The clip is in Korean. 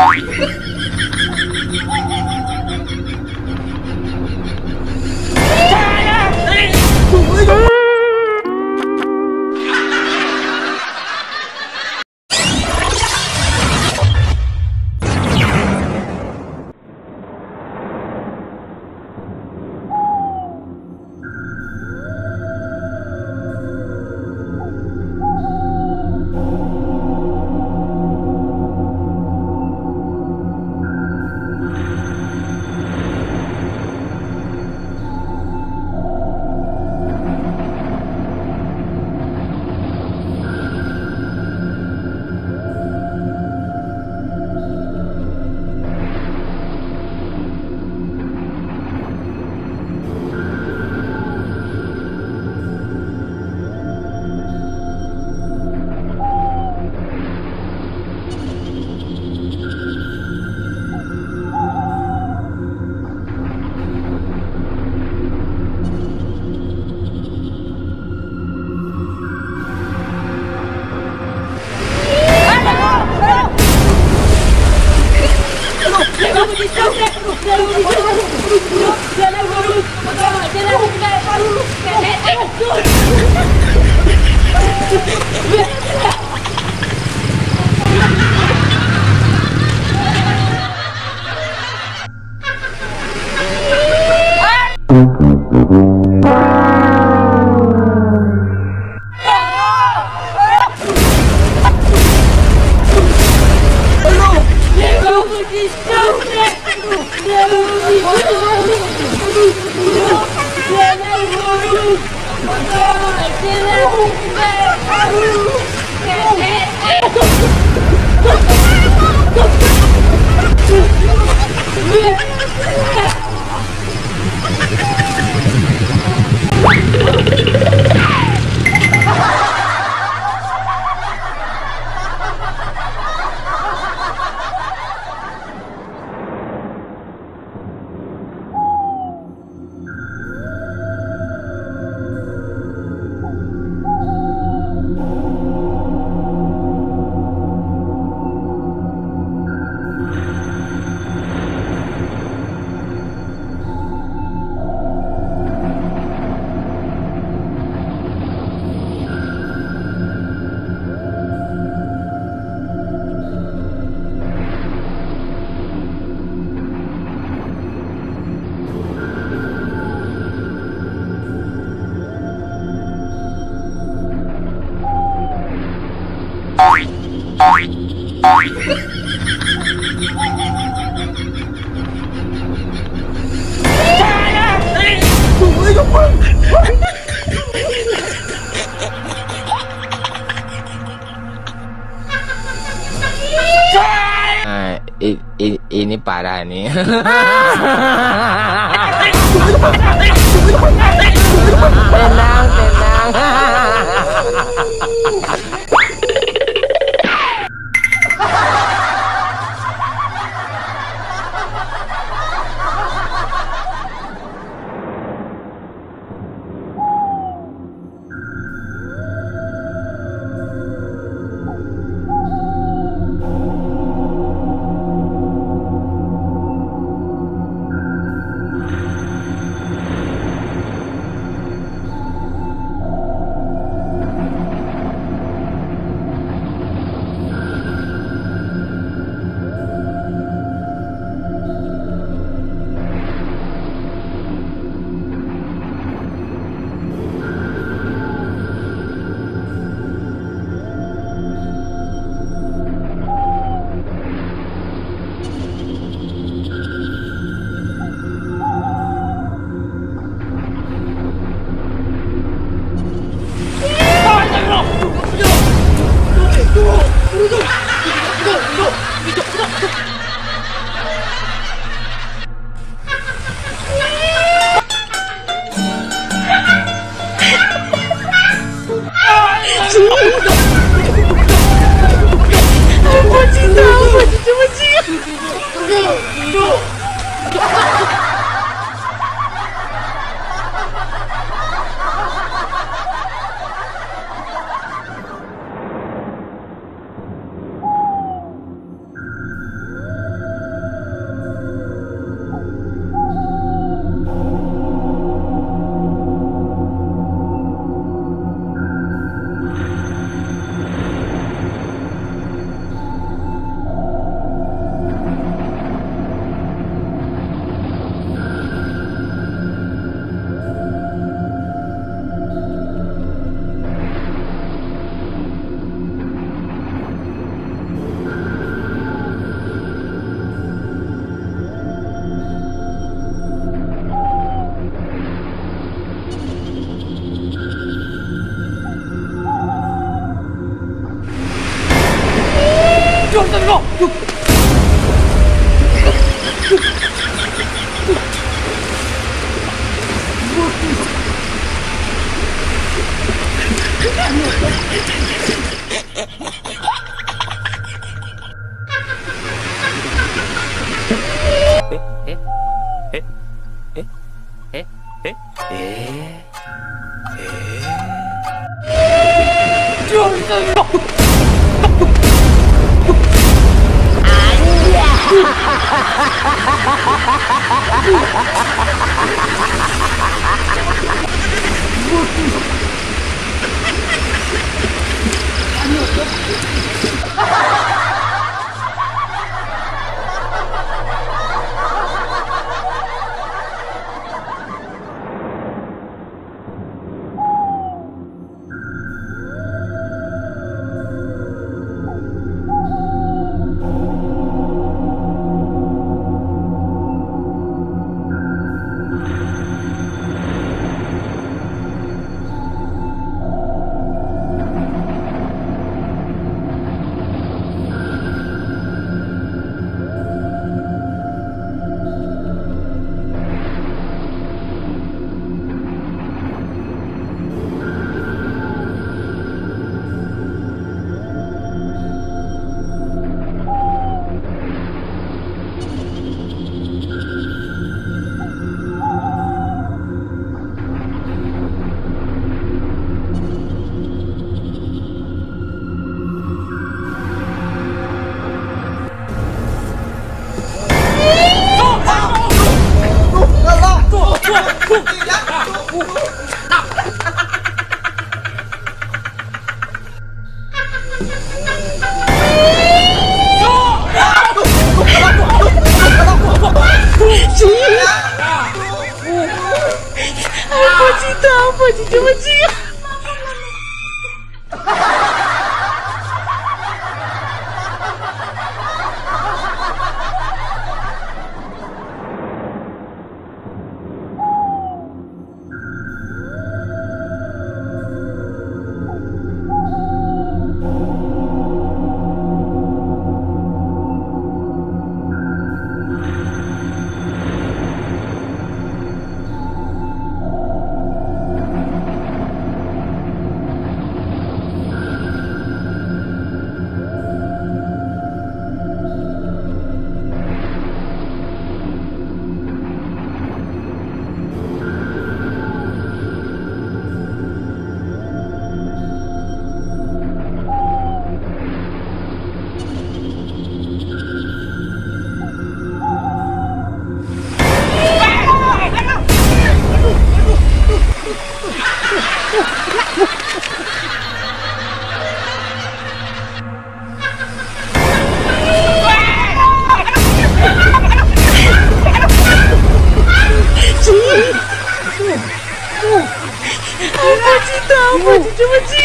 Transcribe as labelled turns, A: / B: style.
A: Oh, Ja, parah ini ah! tenang, tenang. 로 에? 에? 에? 졸졸 안돼 记得我，记得我，记得我。什么鸡？